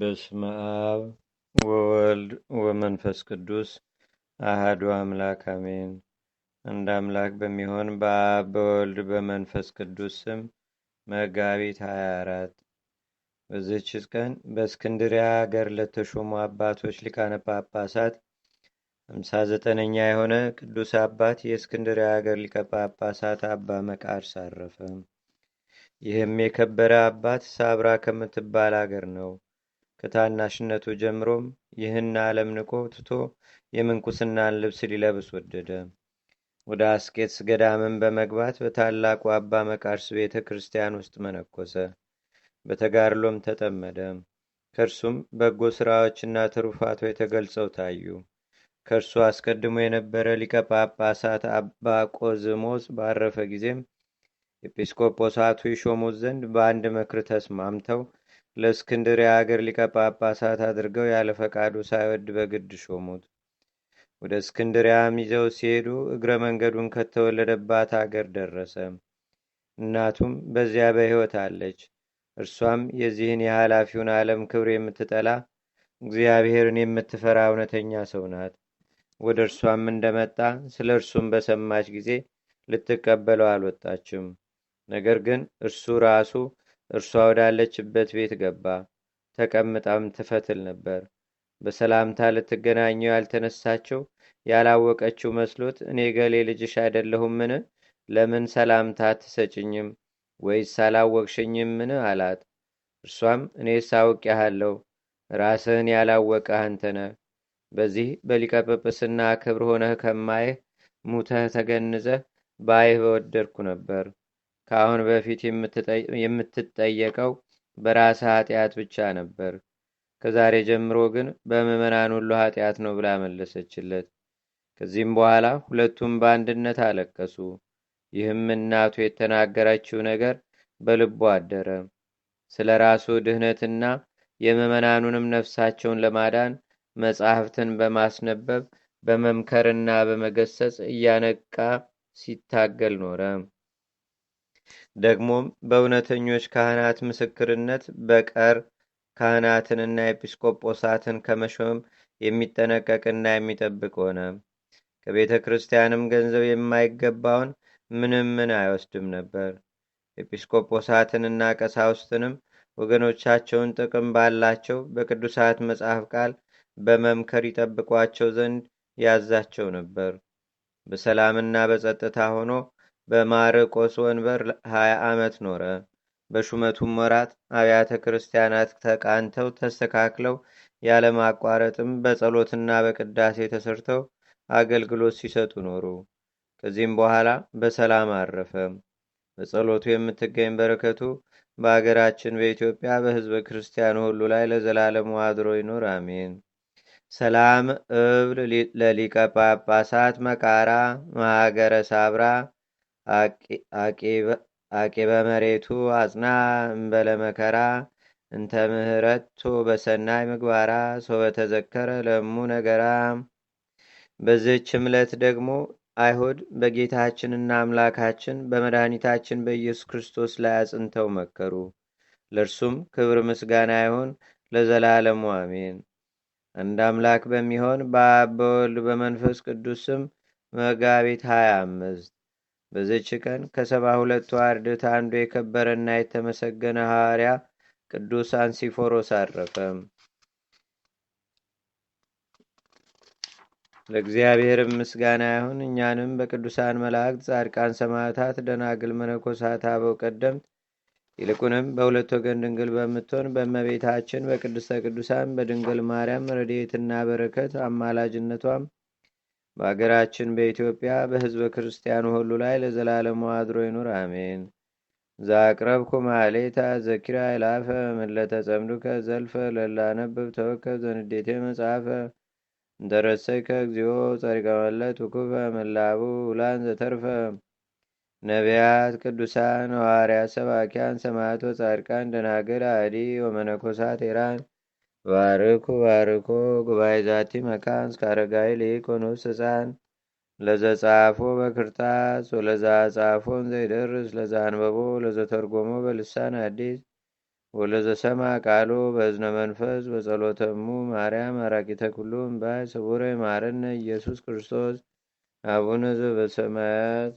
በስመ አብ ወወልድ ወመንፈስ ቅዱስ አህዱ አምላክ አሜን። አንድ አምላክ በሚሆን በአብ በወልድ በመንፈስ ቅዱስ ስም መጋቢት 24 በዚች ቀን በእስክንድሪያ አገር ለተሾሙ አባቶች ሊቃነ ጳጳሳት ሃምሳ ዘጠነኛ የሆነ ቅዱስ አባት የእስክንድሪያ አገር ሊቀ ጳጳሳት አባ መቃርስ አረፈ። ይህም የከበረ አባት ሳብራ ከምትባል አገር ነው። ከታናሽነቱ ጀምሮም ይህን ዓለም ንቆ ትቶ የምንኩስናን ልብስ ሊለብስ ወደደ። ወደ አስቄትስ ገዳምን በመግባት በታላቁ አባ መቃርስ ቤተ ክርስቲያን ውስጥ መነኮሰ። በተጋድሎም ተጠመደ። ከእርሱም በጎ ሥራዎችና ትሩፋቶ የተገልጸው ታዩ። ከእርሱ አስቀድሞ የነበረ ሊቀ ጳጳሳት አባ ቆዝሞስ ባረፈ ጊዜም ኤጲስቆጶሳቱ ይሾሙት ዘንድ በአንድ ምክር ተስማምተው ለእስክንድርያ አገር ሊቀ ጳጳሳት አድርገው ያለ ፈቃዱ ሳይወድ በግድ ሾሙት። ወደ እስክንድሪያም ይዘው ሲሄዱ እግረ መንገዱን ከተወለደባት አገር ደረሰ። እናቱም በዚያ በሕይወት አለች። እርሷም የዚህን የኃላፊውን ዓለም ክብር የምትጠላ እግዚአብሔርን የምትፈራ እውነተኛ ሰው ናት። ወደ እርሷም እንደመጣ ስለ እርሱም በሰማች ጊዜ ልትቀበለው አልወጣችም። ነገር ግን እርሱ ራሱ እርሷ ወዳለችበት ቤት ገባ። ተቀምጣም ትፈትል ነበር። በሰላምታ ልትገናኘው ያልተነሳችው ያላወቀችው መስሎት እኔ ገሌ ልጅሽ አይደለሁምን? ለምን ሰላምታ ትሰጭኝም ወይስ ምን አላት። እርሷም እኔ ሳውቅ ያሃለው ራስህን ያላወቀ አንተነ በዚህ በሊቀጵጵስና ክብር ሆነህ ከማየህ ሙተህ ተገንዘህ በአይህ በወደድኩ ነበር። ከአሁን በፊት የምትጠየቀው በራስ ኃጢአት ብቻ ነበር። ከዛሬ ጀምሮ ግን በምዕመናን ሁሉ ኃጢአት ነው ብላ መለሰችለት። ከዚህም በኋላ ሁለቱም በአንድነት አለቀሱ። ይህም እናቱ የተናገረችው ነገር በልቦ አደረ። ስለ ራሱ ድህነትና የምዕመናኑንም ነፍሳቸውን ለማዳን መጻሕፍትን በማስነበብ በመምከርና በመገሰጽ እያነቃ ሲታገል ኖረ። ደግሞም በእውነተኞች ካህናት ምስክርነት በቀር ካህናትንና ኤጲስቆጶሳትን ከመሾም የሚጠነቀቅና የሚጠብቅ ሆነ። ከቤተ ክርስቲያንም ገንዘብ የማይገባውን ምንም ምን አይወስድም ነበር። ኤጲስቆጶሳትንና ቀሳውስትንም ወገኖቻቸውን ጥቅም ባላቸው በቅዱሳት መጽሐፍ ቃል በመምከር ይጠብቋቸው ዘንድ ያዛቸው ነበር። በሰላምና በጸጥታ ሆኖ በማርቆስ ወንበር ሀያ ዓመት ኖረ። በሹመቱም ወራት አብያተ ክርስቲያናት ተቃንተው ተስተካክለው ያለማቋረጥም በጸሎትና በቅዳሴ ተሰርተው አገልግሎት ሲሰጡ ኖሩ። ከዚህም በኋላ በሰላም አረፈ። በጸሎቱ የምትገኝ በረከቱ በአገራችን በኢትዮጵያ በሕዝበ ክርስቲያኑ ሁሉ ላይ ለዘላለሙ አድሮ ይኑር፣ አሜን። ሰላም እብል ለሊቀ ጳጳሳት መቃራ መሃገረ ሳብራ መሬቱ አጽና እምበለመከራ እንተ ምህረቱ በሰናይ ምግባራ ሶበተዘከረ ለሙ ነገራ በዚህች ዕለት ደግሞ አይሁድ በጌታችንና አምላካችን በመድኃኒታችን በኢየሱስ ክርስቶስ ላይ አጽንተው መከሩ ለእርሱም ክብር ምስጋና ይሁን ለዘላለሙ አሜን አንድ አምላክ በሚሆን በአብ በወልድ በመንፈስ ቅዱስም ስም መጋቢት 25 በዚች ቀን ከሰባ ሁለቱ አርድት አንዱ የከበረና የተመሰገነ ሐዋርያ ቅዱስ አንሲፎሮስ አረፈ። ለእግዚአብሔር ምስጋና ይሁን። እኛንም በቅዱሳን መላእክት፣ ጻድቃን፣ ሰማዕታት፣ ደናግል፣ መነኮሳት፣ አበው ቀደምት ይልቁንም በሁለት ወገን ድንግል በምትሆን በእመቤታችን በቅድስተ ቅዱሳን በድንግል ማርያም ረድኤትና በረከት አማላጅነቷም በአገራችን በኢትዮጵያ በሕዝበ ክርስቲያኑ ሁሉ ላይ ለዘላለም አድሮ ይኑር፣ አሜን። ዛቅረብኩ ማሌታ ዘኪራ ይላፈ ምለተ ጸምዱከ ዘልፈ ለላነብብ ተወከብ ዘንዴቴ መጽሐፈ እንተረሰይከ እግዚኦ ጸሪቀ መለት ውኩፈ ምላቡ ውላን ዘተርፈ ነቢያት፣ ቅዱሳን፣ ሐዋርያት፣ ሰባኪያን፣ ሰማዕቶ፣ ጻድቃን፣ ደናግል፣ አዲ ወመነኮሳት ኢራን ባርኩ ባርኩ ጉባኤ ዛቲ መካን እስከ አረጋዊ ሊቆኖስ ህፃን ለዘጻፎ በክርታስ ወለዛ ጻፎን ዘይደርስ ለዛ አንበቦ ለዘተርጎሞ በልሳን አዲስ ወለዘሰማ ቃሎ በእዝነ መንፈስ በጸሎተሙ ማርያም አራቂተ ኩሉም ባይ ስቡረ ማረነ ኢየሱስ ክርስቶስ አቡነ ዘበሰማያት